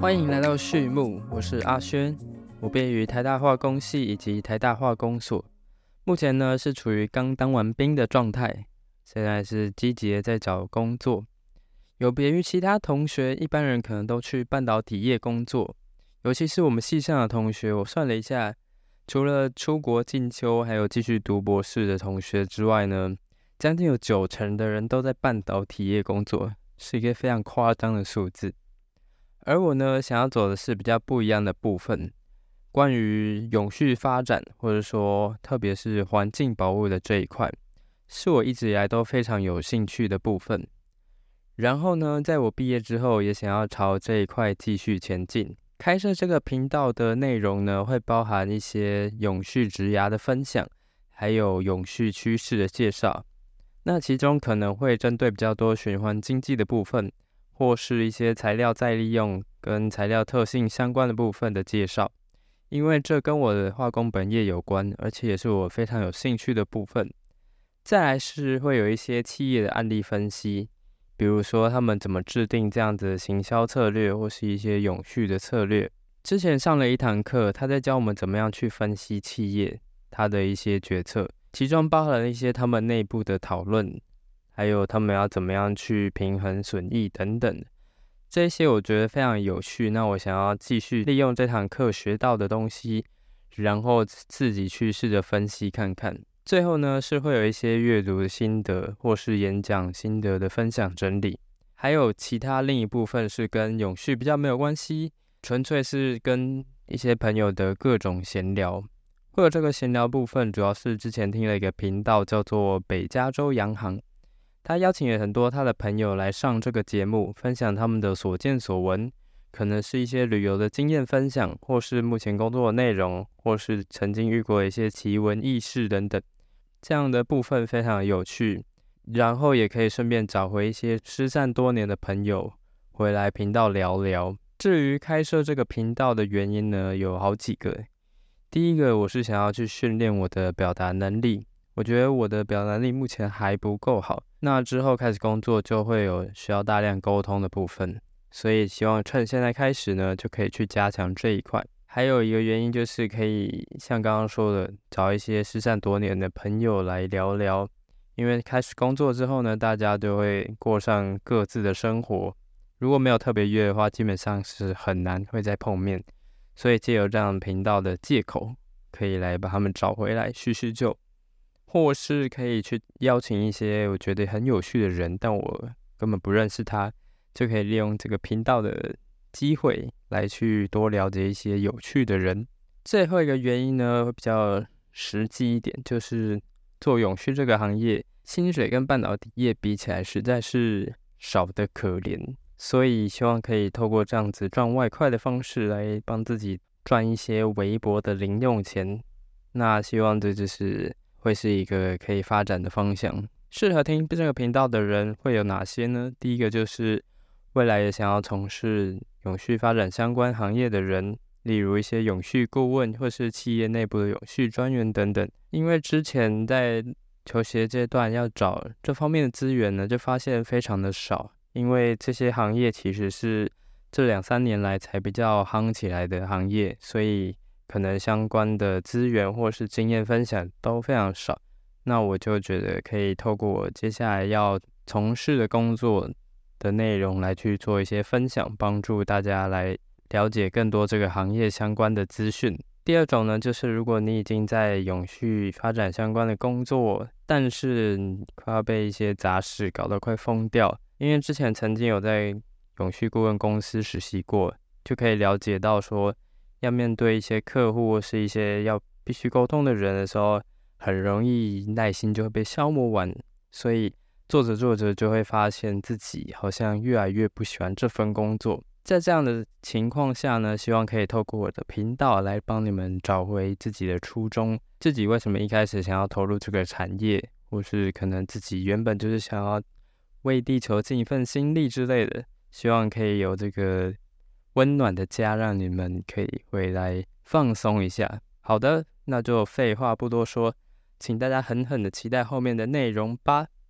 歡迎來到序幕，我是阿軒，我畢業於台大化工系以及台大化工所，目前呢是處於剛當完兵的狀態，現在是積極地在找工作。有別於其他同學，一般人可能都去半導體業工作，尤其是我們系上的同學，我算了一下。除了出國進修，還有繼續讀博士的同學之外呢，將近有九成的人都在半導體業工作，是一個非常誇張的數字。而我呢，想要走的是比較不一樣的部分，關於永續發展，或者說特別是環境保護的這一塊，是我一直以來都非常有興趣的部分。然後呢，在我畢業之後，也想要朝這一塊繼續前進。開設這個頻道的內容呢，會包含一些永續職涯的分享，還有永續趨勢的介紹。那其中可能會針對比較多循環經濟的部分，或是一些材料再利用跟材料特性相關的部分的介紹，因為這跟我的化工本業有關，而且也是我非常有興趣的部分。再來是會有一些企業的案例分析。比如說，他們怎麼制定這樣子的行銷策略，或是一些永續的策略。之前上了一堂課，他在教我們怎麼樣去分析企業他的一些決策，其中包含了一些他們內部的討論，還有他們要怎麼樣去平衡損益等等。這些我覺得非常有趣，那我想要繼續利用這堂課學到的東西，然後自己去試着分析看看。最後呢，是會有一些閱讀心得或是演講心得的分享整理，還有其他另一部分是跟永續比較沒有關係，純粹是跟一些朋友的各種閒聊。會有這個閒聊部分，主要是之前聽了一個頻道叫做北加州洋行，他邀請了很多他的朋友來上這個節目，分享他們的所見所聞，可能是一些旅遊的經驗分享，或是目前工作的內容，或是曾經遇過一些奇聞異事等等。這樣的部分非常有趣，然後也可以順便找回一些失散多年的朋友回來頻道聊聊。至於開設這個頻道的原因呢，有好幾個。第一個，我是想要去訓練我的表達能力，我覺得我的表達能力目前還不夠好。那之後開始工作就會有需要大量溝通的部分，所以希望趁現在開始呢，就可以去加強這一塊。還有一個原因就是可以像剛剛說的，找一些失散多年的朋友來聊聊。因為開始工作之後呢，大家都會過上各自的生活，如果沒有特別約的話，基本上是很難會再碰面。所以借由這樣頻道的借口，可以來把他們找回來敘敘舊，或是可以去邀請一些我覺得很有趣的人，但我根本不認識他，就可以利用這個頻道的。機會來去多了解一些有趣的人。最後一個原因呢，會比較實際一點，就是做永續這個行業，薪水跟半導體業比起來，實在是少得可憐。所以希望可以透過這樣子賺外快的方式來幫自己賺一些微薄的零用錢。那希望這就是會是一個可以發展的方向。適合聽這個頻道的人會有哪些呢？第一個就是未來也想要從事。永續發展相關行業的人，例如一些永續顧問或是企業內部的永續專員等等。因為之前在求學階段要找這方面的資源呢，就發現非常的少。因為這些行業其實是這兩三年來才比較夯起來的行業，所以可能相關的資源或是經驗分享都非常少。那我就覺得可以透過我接下來要從事的工作。的內容來去做一些分享，幫助大家來了解更多這個行業相關的資訊。第二種呢，就是如果你已經在永續發展相關的工作，但是快要被一些雜事搞得快瘋掉，因為之前曾經有在永續顧問公司實習過，就可以了解到說，要面對一些客戶或是一些要必須溝通的人的時候，很容易耐心就會被消磨完，所以。做着做着就會發現自己好像越來越不喜歡這份工作。在這樣的情況下呢，希望可以透過我的頻道來幫你們找回自己的初衷：自己為什麼一開始想要投入這個產業，或是可能自己原本就是想要為地球盡一份心力之類的。希望可以有這個溫暖的家，讓你們可以回來放鬆一下。好的，那就廢話不多說，請大家狠狠的期待後面的內容吧。